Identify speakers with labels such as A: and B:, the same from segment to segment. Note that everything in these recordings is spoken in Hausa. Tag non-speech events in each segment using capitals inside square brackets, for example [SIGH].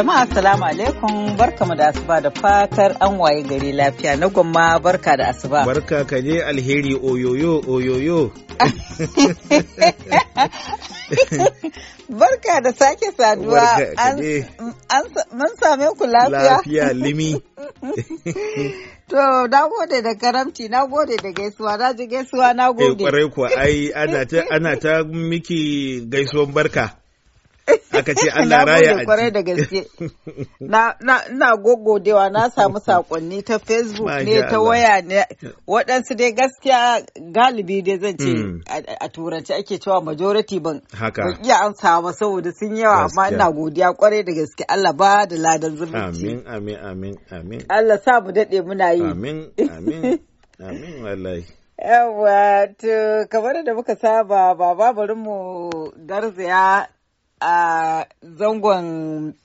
A: Jama'a salamu alaikum barkamu da asuba da fatar an waye gari lafiya na gwamma barka da asuba.
B: Barka ka je alheri oyoyo oyoyo.
A: [LAUGHS] barka da sake saduwa mun same ku lafiya. Lafiya
B: limi. [LAUGHS]
A: To, na gode da karamci, na gode da gaisuwa, na ji gaisuwa, na eh, gode. Eh, kwarai
B: kuwa, ai, ana ta miki gaisuwan barka. aka ce [LAUGHS] Allah raya a kwarai da gaske na
A: na ina gogodewa na samu sakonni ta Facebook ne ta waya ne waɗansu dai gaskiya galibi dai zan ce hmm. a turanci ake cewa majority ban haka iya an samu saboda sun yawa amma ina godiya kwarai da gaske Allah ba da ladan zumunci
B: amin amin amin amin
A: Allah sa mu dade muna yi
B: amin amin [LAUGHS] amin wallahi
A: Yawwa, to kamar da muka saba baba bari mu garzaya a zangon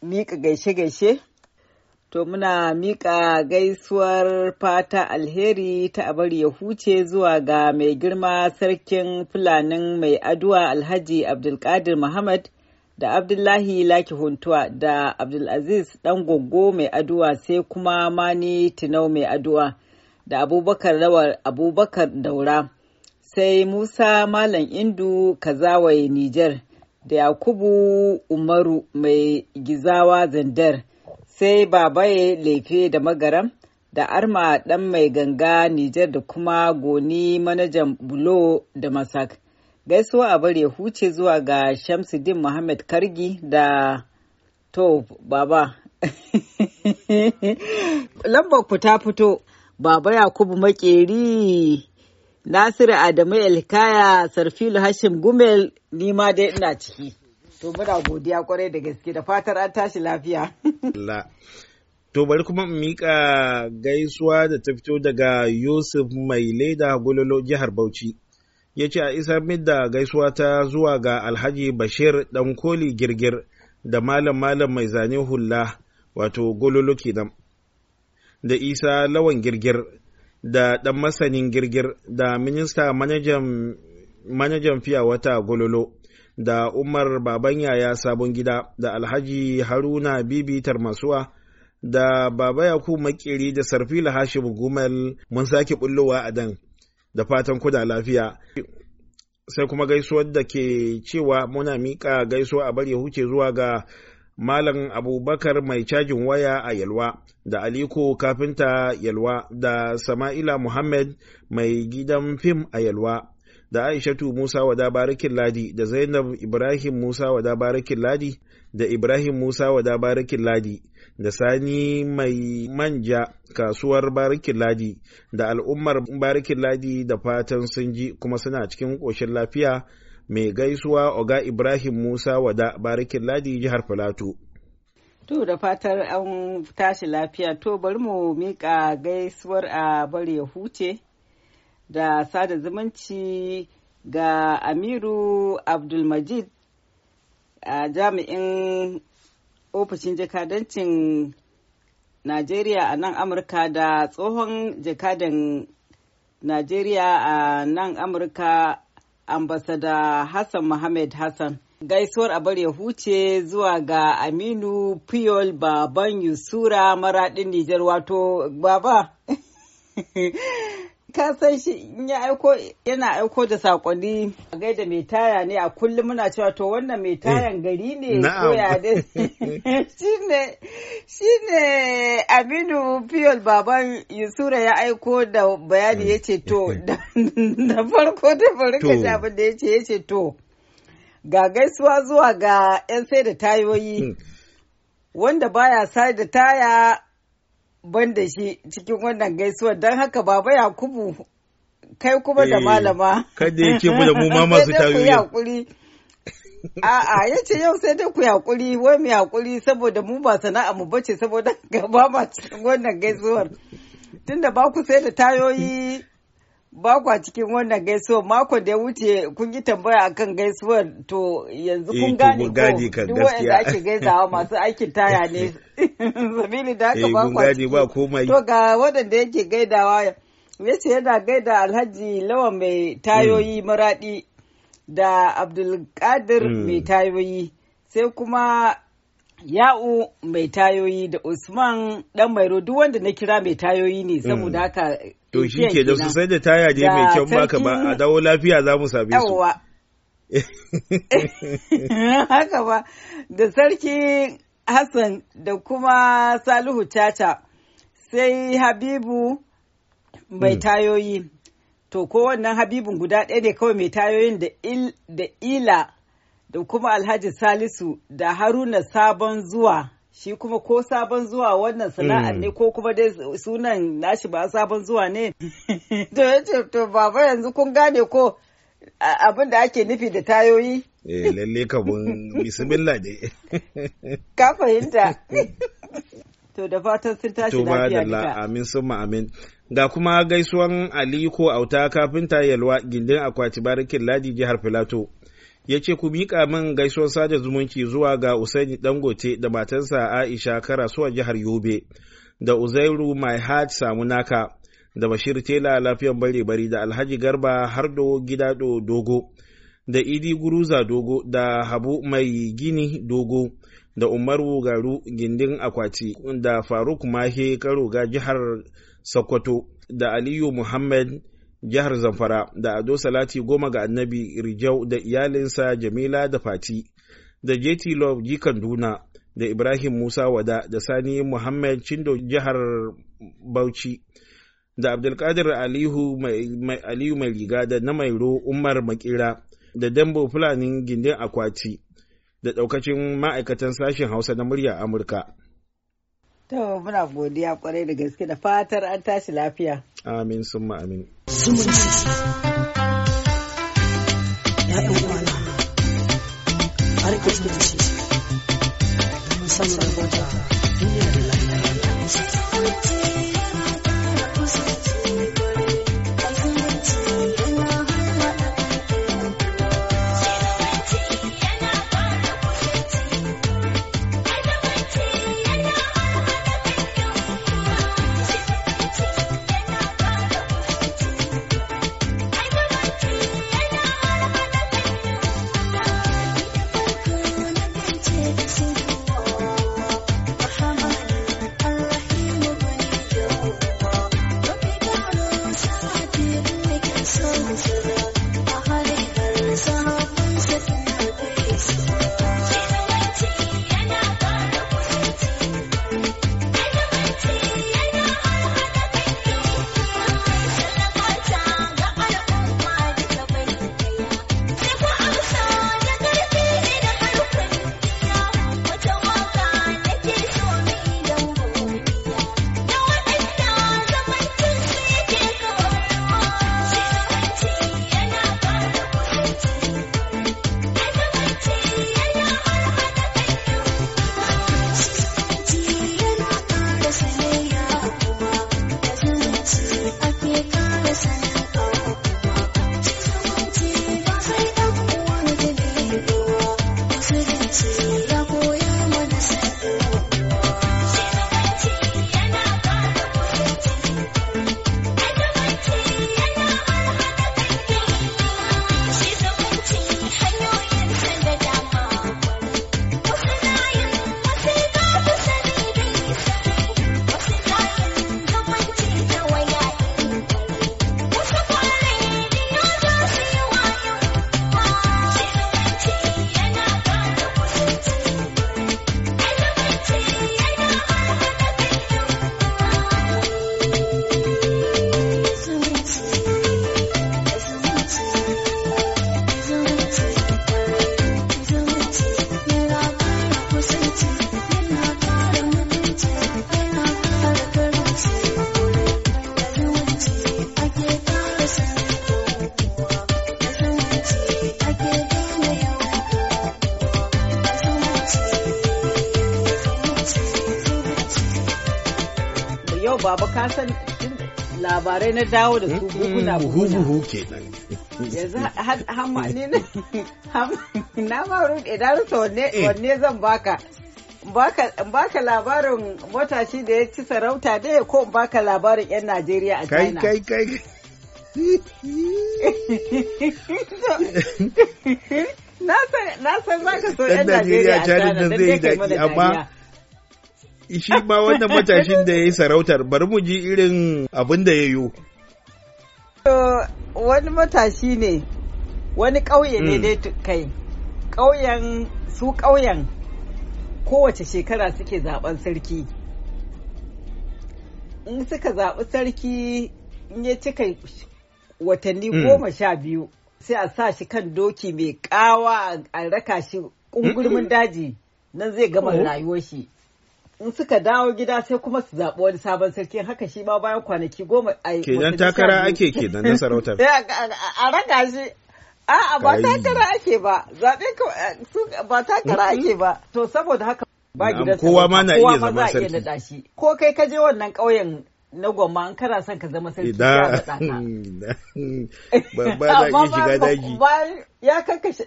A: miƙa gaishe-gaishe. To muna miƙa gaisuwar fata alheri ta abari ya huce zuwa ga mai girma sarkin fulanin mai aduwa alhaji Abdulkadir Muhammad da Abdullahi Laki Huntuwa da Abdulaziz ɗan goggo mai aduwa sai kuma Mani Tinau mai aduwa da Abubakar Rawar Abubakar Daura sai Musa Malam Indu Kazawai Nijar. da Yakubu Umaru mai gizawa zandar sai babaye lefe da magaram da arma dan mai ganga Nijar da kuma goni manajan bulo da masak. Gaisuwa a bari huce zuwa ga Shamsuddin Muhammad Kargi da to baba. [LAUGHS] Lambar ku ta fito, baba Yakubu makeri. Nasiru Adamu Elkaya, Sarfilu Hashim Gumel, nima dai ina ciki. To muna godiya kwarai da gaske da fatar an tashi lafiya.
B: [LAUGHS] To bari kuma in miƙa gaisuwa da ta fito daga Yusuf Mai Leda Gololo jihar Bauchi. Ya ce a isar da gaisuwa ta zuwa ga Alhaji Bashir Dankoli Girgir da Malam Malam Mai Zane Hula wato Gololo kenan. Da Isa Lawan Girgir da ɗan masanin girgir da minista manajan fiya wata gololo da umar baban yaya sabon gida da alhaji haruna bibi tarmasuwa da baba yaku makiri da sarfi lahashi gumal mun sake bullowa a dan da fatan kuda lafiya sai kuma gaisuwar da ke cewa muna miƙa gaisuwa a bari huce zuwa ga Malam Abubakar mai cajin waya a Yalwa da Aliko kafinta Yalwa da Sama'ila Muhammad mai gidan fim a Yalwa da Aishatu Musa wada barikin ladi da Zainab Ibrahim Musa wada barikin ladi da Ibrahim Musa wada barikin ladi da Sani mai manja kasuwar barikin ladi da al'ummar barikin ladi da fatan sun ji kuma suna cikin ƙoshin lafiya. mai gaisuwa oga ibrahim musa wada barikin ladi jihar filato
A: To da fatar an tashi lafiya to bari mu miƙa gaisuwar a ya huce da sada zumunci ga Amiru Abdulmajid a jami'in ofishin jakadancin Najeriya a nan Amurka da tsohon jakadan Najeriya a nan Amurka ambasada Hassan Mohammed Hassan. Gaisuwar a bar ya huce zuwa ga Aminu Piyol Baban Yusura maraɗin Nijar wato baba. [LAUGHS] ka san shi in ya aiko yana aiko da sakonni a gaida mai taya ne a kullum muna cewa to wannan mai eh, tayan gari ne koya ne [LAUGHS] [LAUGHS] shine shine Aminu Fiyol baban Yusura ya aiko da bayani mm, yace to [LAUGHS]
C: da
A: farko da farko da abin da yace yace to ga gaisuwa zuwa ga 'yan sai da tayoyi mm. wanda baya sai da taya ban da shi cikin wannan gaisuwar don haka baba yakubu kai kuma da eh, malama kada yake ke da mu ma [LAUGHS] masu tayoyi A'a ya ce yau sai dai ku yaƙuri wai mu yaƙuri saboda mu ba sana'a mu bace saboda gaba [LAUGHS] ma cikin wannan gaisuwar. Tunda ba ku sai da tayoyi ba kwa cikin wannan gaisuwa makon da ya wuce kun yi tambaya akan gaisuwar to yanzu kun eh,
B: gane ko duk wanda ake gaisawa
A: masu aikin taya ne [LAUGHS] sabili da haka eh, ba kwa
B: ciki to
A: ga waɗanda yake gaidawa yace yana gaida alhaji Lawan mai tayoyi mm. maradi da abdulkadir mm. mai tayoyi sai kuma ya'u mai tayoyi da usman dan mairo duk wanda na kira mai tayoyi ne saboda mm. haka to shi ke da su sai
B: da taya ne mai kyau baka ba a dawo lafiya za mu same su [LAUGHS]
A: haka ba da sarki hassan da kuma salihu Chacha sai habibu mai mm. tayoyi to ko wannan habibun guda ɗaya ne kawai mai tayoyin da ila da kuma Alhaji Salisu da Haruna Sabon Zuwa. Shi kuma ko sabon zuwa wannan sana'a mm. ne ko kuma dai sunan nashi ba sabon zuwa ne. [LAUGHS] To yace to baba yanzu kun gane ko abin da ake nufi da tayoyi?
B: Eh lalle kamun bismillah ne. [LAUGHS]
A: Ka fahimta. [LAUGHS] To da fatan sun tashi lafiya duka.
B: amin sun amin. Ga kuma gaisuwan Aliko Auta kafinta Yalwa gindin akwati barikin Ladi jihar Filato. ya ce ku miƙa min gaisuwar sada zumunci zuwa ga Usaini Dangote da matarsa Aisha Karasuwa jihar Yobe da Uzairu My Heart naka da Bashir Tela lafiyan bare bari da Alhaji Garba Hardo Gidado Dogo da Idi Guruza Dogo da Habu Mai Gini Dogo da Umaru Garu Gindin Akwati da Faruk Mahe karo ga jihar Sokoto da Aliyu Muhammad jihar zamfara da ado salati goma ga annabi rijau da iyalinsa jamila da fati da jt love jikan duna da ibrahim musa wada da sani muhammad cindo jihar bauchi da abdulkadir aliyu mai riga da na mairo umar makira da dambo fulani gindin akwati da daukacin ma'aikatan sashen hausa na murya amurka
A: To muna godiya kwarai da gaske da fatar an tashi lafiya.
B: Amin summa amin.
C: Ya ɗan kwana, har kusurci, musamman wata duniya da lafiya.
A: na dawo da su buguna
B: buguna buhu ke nan
A: yanzu hama ne na ma ruɗe na rusa eh. wanne zan baka baka labarin matashi da ya ci sarauta da ya ko baka labarin 'yan Najeriya a China. Kai kai kai. [LAUGHS] Na san za ka so 'yan Najeriya a China da zai daki amma
B: shi ma wannan matashin da ya yi sarautar bari mu ji irin abin da ya yi
A: wani matashi ne wani ƙauye ne hmm. dai kai ƙauyen su ƙauyen kowace shekara suke zaben sarki in suka zaɓi sarki in ya cika watanni hmm. goma sha biyu sai a sa shi kan doki mai ƙawa a raka shi ƙungurmin hmm. daji nan zai gama oh. rayuwar shi in suka dawo gida sai kuma su zaɓi wani sabon sarkin haka shi ma bayan kwanaki goma a yi kenan takara ake kenan na sarautar [LAUGHS] eh, a raka shi a'a ba takara ake ba zaɓe eh, ba takara ake ba to saboda haka ba gidan kowa ma na iya zama sarki ko kai ka je wannan ƙauyen na gwamma an kana son ka zama sarki ya [LAUGHS]
C: ba za ki [LAUGHS] shiga daji
A: ya kanka eh,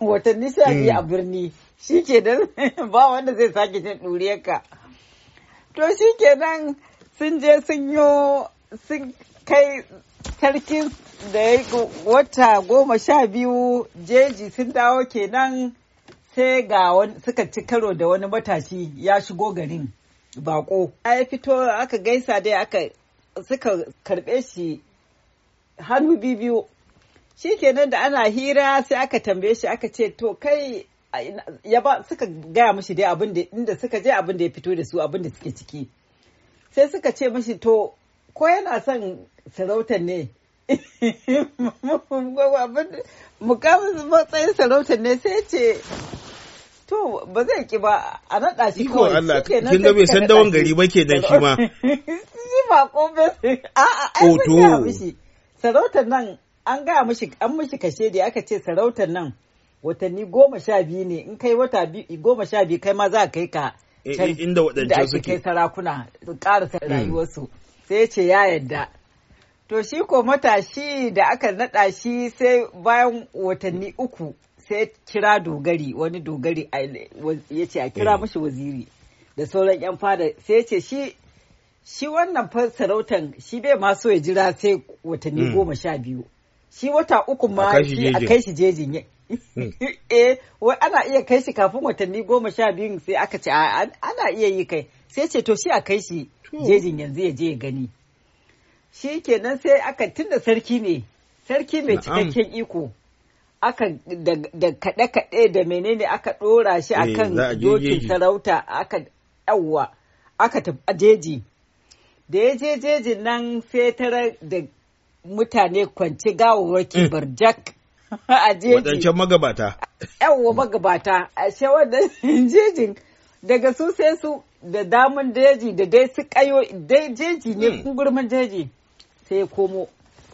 A: watanni sai a mm. birni shi ke [LAUGHS] ba wanda zai sake jin ɗuriyarka to shi ke nan sun je sun yi sun kai sarkin da ya wata goma sha biyu jeji sun dawo kenan sai ga suka ci karo da wani matashi ya shigo garin bako ya fito aka gaisa dai aka suka karbe shi hannu biyu shi kenan da ana hira sai aka tambaye shi aka ce to kai ya ba suka gaya mashi dai abin da inda suka je abin da ya fito da su abin da suke ciki sai suka ce mashi to ko yana son sarautar ne mukamin [LAUGHS] matsayin sarautar ne sai ce to ba zai ki ba a naɗa shi kawai Allah kin ga bai san dawon gari ba ke dan shi ma [LAUGHS] shi ba ko ba a a a sarautar nan an gaya mishi an mishi kashe da aka ce sarautar nan watanni goma sha biyu ne in kai wata goma sha biyu kai ma za kai ka eh, eh, inda waɗancan suke kai sarakuna ƙarasa hmm. rayuwarsu sai ce ya yadda to shi ko matashi da aka naɗa shi sai bayan watanni uku sai kira dogari wani dogari ya ce a kira hmm. mashi waziri da sauran yan fada sai ce shi shi wannan sarautan shi bai ma so ya jira sai watanni hmm. goma sha biyu shi wata uku ma a kai shi jejin hmm. [LAUGHS] eh wai ana iya kai shi kafin watanni goma sha biyun sai aka ce ana iya yi kai sai ce to shi a kai shi jejin yanzu ya je ya gani shi kenan sai aka tunda sarki ne sarki mai cikakken iko aka da kaɗe-kaɗe da menene aka ɗora shi akan eh, dokin sarauta aka yawwa aka tafi jeji da ya je jejin nan fetara da mutane kwanci gawawaki eh. jack [LAUGHS] a jeji. Wadancan magabata. Yawwa magabata, a shawar da [LAUGHS] jejin daga su sai su da damun jeji da dai su kayo dai jeji ne kungurmin hmm. jeji sai ya komo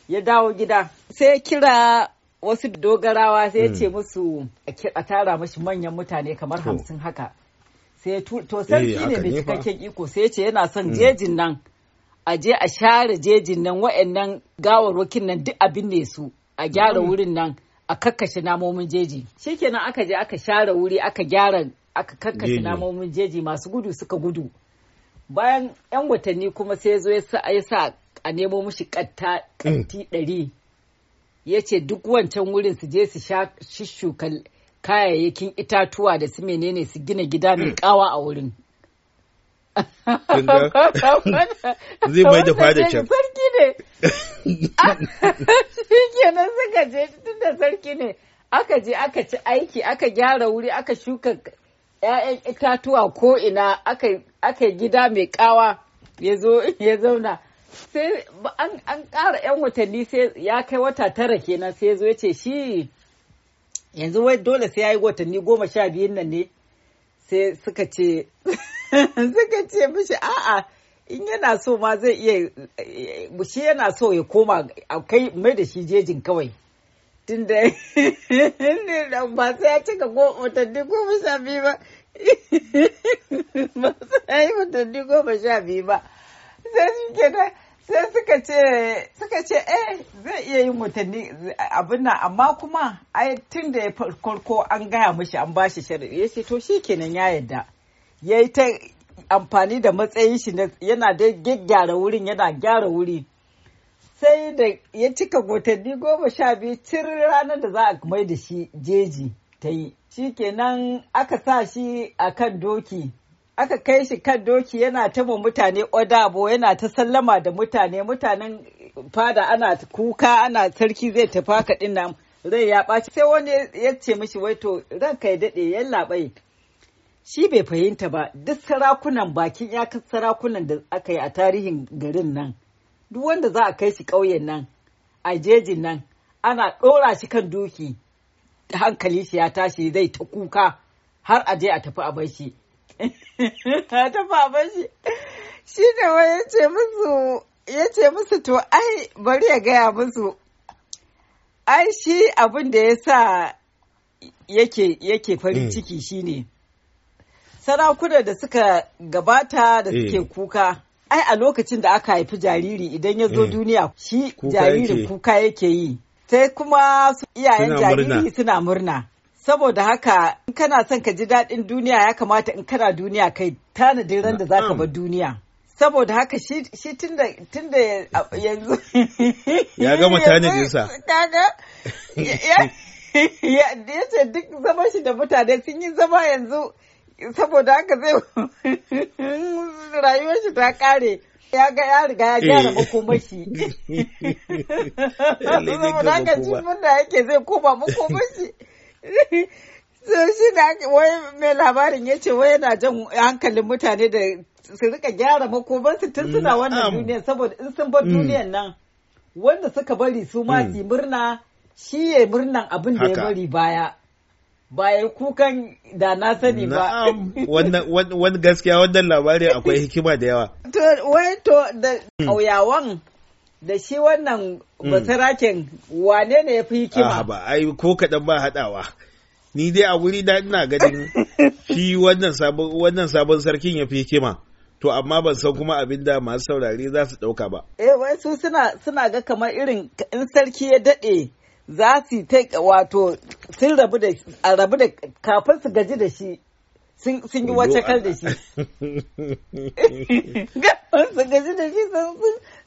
A: ya dawo gida sai ya kira wasu dogarawa sai ya hmm. ce musu a tara mashi manyan mutane kamar hamsin haka sai to sarki eh, ne mai cikakken iko sai ya ce yana son hmm. jejin nan. a je a share jejin nan wa'annan gawarwakin nan duk abin ne su a gyara mm. wurin nan a kakkashe namomin jeji shikenan aka je aka share wuri aka gyara aka kakkashe namomin jeji masu gudu suka gudu bayan yan watanni kuma sai zo ya sa a nemo mushi katta kanti mm. ɗari ya ce duk wancan wurin su je su shishuka kayayyakin itatuwa da su menene su gina gida mai kawa mm. a wurin [LAUGHS] Zai mai da fada can. Sarki ne. [LAUGHS] Shi kenan suka je tun da sarki ne. Aka je aka ci aiki, aka gyara wuri, aka shuka ‘ya'yan itatuwa ko ina, aka gida mai kawa ya zo ya zauna. Sai an ƙara ‘yan watanni sai ya kai wata tara kenan sai ya zo ya ce shi yanzu wai dole sai ya yi watanni goma sha biyun nan ne sai suka ce suka ce mishi a'a in yana so ma zai iya shi yana so ya koma kai mai da shi jejin kawai tun da [LAUGHS] ba sai ya cika watanni goma sha biyu ba ba sai watanni goma sha biyu ba sai shi da sai suka ce suka ce eh zai iya yin watanni abin nan amma kuma ai tun da ya farko an gaya mishi an bashi shari'a ya ce to shi kenan ya yadda ya yi ta amfani da matsayin shi yana da gyaggyara wurin yana gyara wuri sai da ya cika gotanni goma sha biyu cin ranar da za a mai da shi jeji ta yi shi kenan aka sa shi a kan doki aka kai shi kan doki yana ta ma mutane odabo yana ta sallama da mutane mutanen fada ana kuka ana sarki zai tafi haka nan rai ya ɓaci sai wani ya ce mishi wai to ranka ya daɗe ya labai shi bai fahimta ba duk sarakunan bakin yakan sarakunan da aka yi a tarihin garin nan duk wanda za a kai shi ƙauyen nan a jejin nan ana ɗora shi kan doki hankali shi ya tashi zai ta kuka har a je a tafi a bar shi [LAUGHS] a tafi a bar shi shi ne wai ya ce musu ya musu to ai bari ya gaya musu ai shi abin da ya sa yake farin mm. ciki shine sarakuna da suka gabata da eh. suke kuka ai a lokacin da aka haifi jariri idan ya zo eh. duniya shi jariri kuka yake yi sai kuma iyayen jariri suna murna saboda haka in kana son ka ji daɗin duniya ya kamata in kana duniya kai tanadin ran da za ka bar duniya saboda haka shi tun da yanzu [LAUGHS]
C: ya gama tanadinsa
A: ya ce duk zama shi da mutane sun yi zama yanzu saboda haka zai [LAUGHS] rayuwar shi ta kare ya ga ya riga ya gyara eh. makomashi saboda haka shi da yake zai koma makomashi so shi da wai mai labarin ya ce wai yana jan hankalin mutane da su rika gyara makomansu tun suna mm, wannan duniyar saboda in sun bar mm. duniyar nan wanda suka bari su ma mm. su murna shi ya murnan abin da ya bari baya bayan kukan da na sani ba.
B: Wani gaskiya wannan labarin akwai hikima da yawa.
A: [LAUGHS] To, wai to da hmm. ƙauyawan da shi wannan
B: hmm. basaraken
A: wane ne ya fi hikima?
B: ba, ai ko kaɗan ba haɗawa. Ni dai a wuri da ina ganin shi wannan sabon sarkin ya fi hikima. To amma ban san kuma abin da masu saurari za su ɗauka ba.
A: Eh wai su suna ga kamar irin in sarki ya daɗe. za su ta wato sun rabu da a rabu da kafin su gaji da shi sun yi wace kar da
C: shi kafin
A: su gaji da shi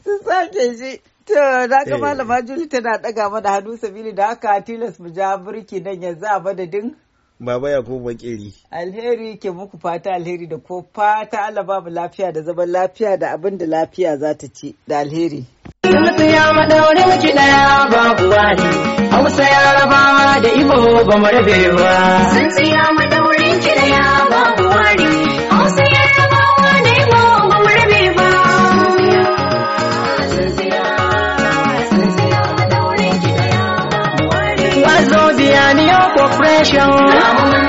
A: sun sake shi to da ka eh. malama juli tana daga mana hannu sabili da haka tilas mu ja burki nan yanzu a madadin
B: Baba ya ko Bakeri.
A: Alheri ke muku fata alheri da ko fata Allah babu lafiya da zaman lafiya da abin da lafiya za ta ci da alheri. Tsintsiya maɗaurin ki ɗaya babu
C: wani, Hausa Yarabawa da Ibo ba mu rabe ba. Tsintsiya maɗaurin ki ɗaya babu wani, Hausa Yarabawa da Ibo ba mu rabe ba. Wazo biya ni yau corporation.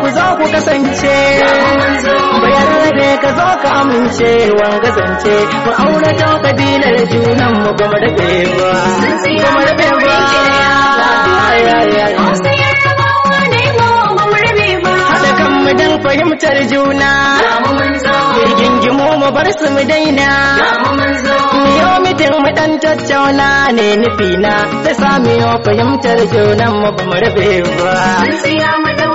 C: ku zo ku kasance bayan ne ka zo ka amince wanga zance mu aure ta kabilar junan mu ba mu rabe ba ba mu rabe ba haɗa kan mu dan fahimtar juna rigingimu mu bar su mu daina mu dan tattauna ne nufi na ta sami fahimtar junan mu ba mu rabe ba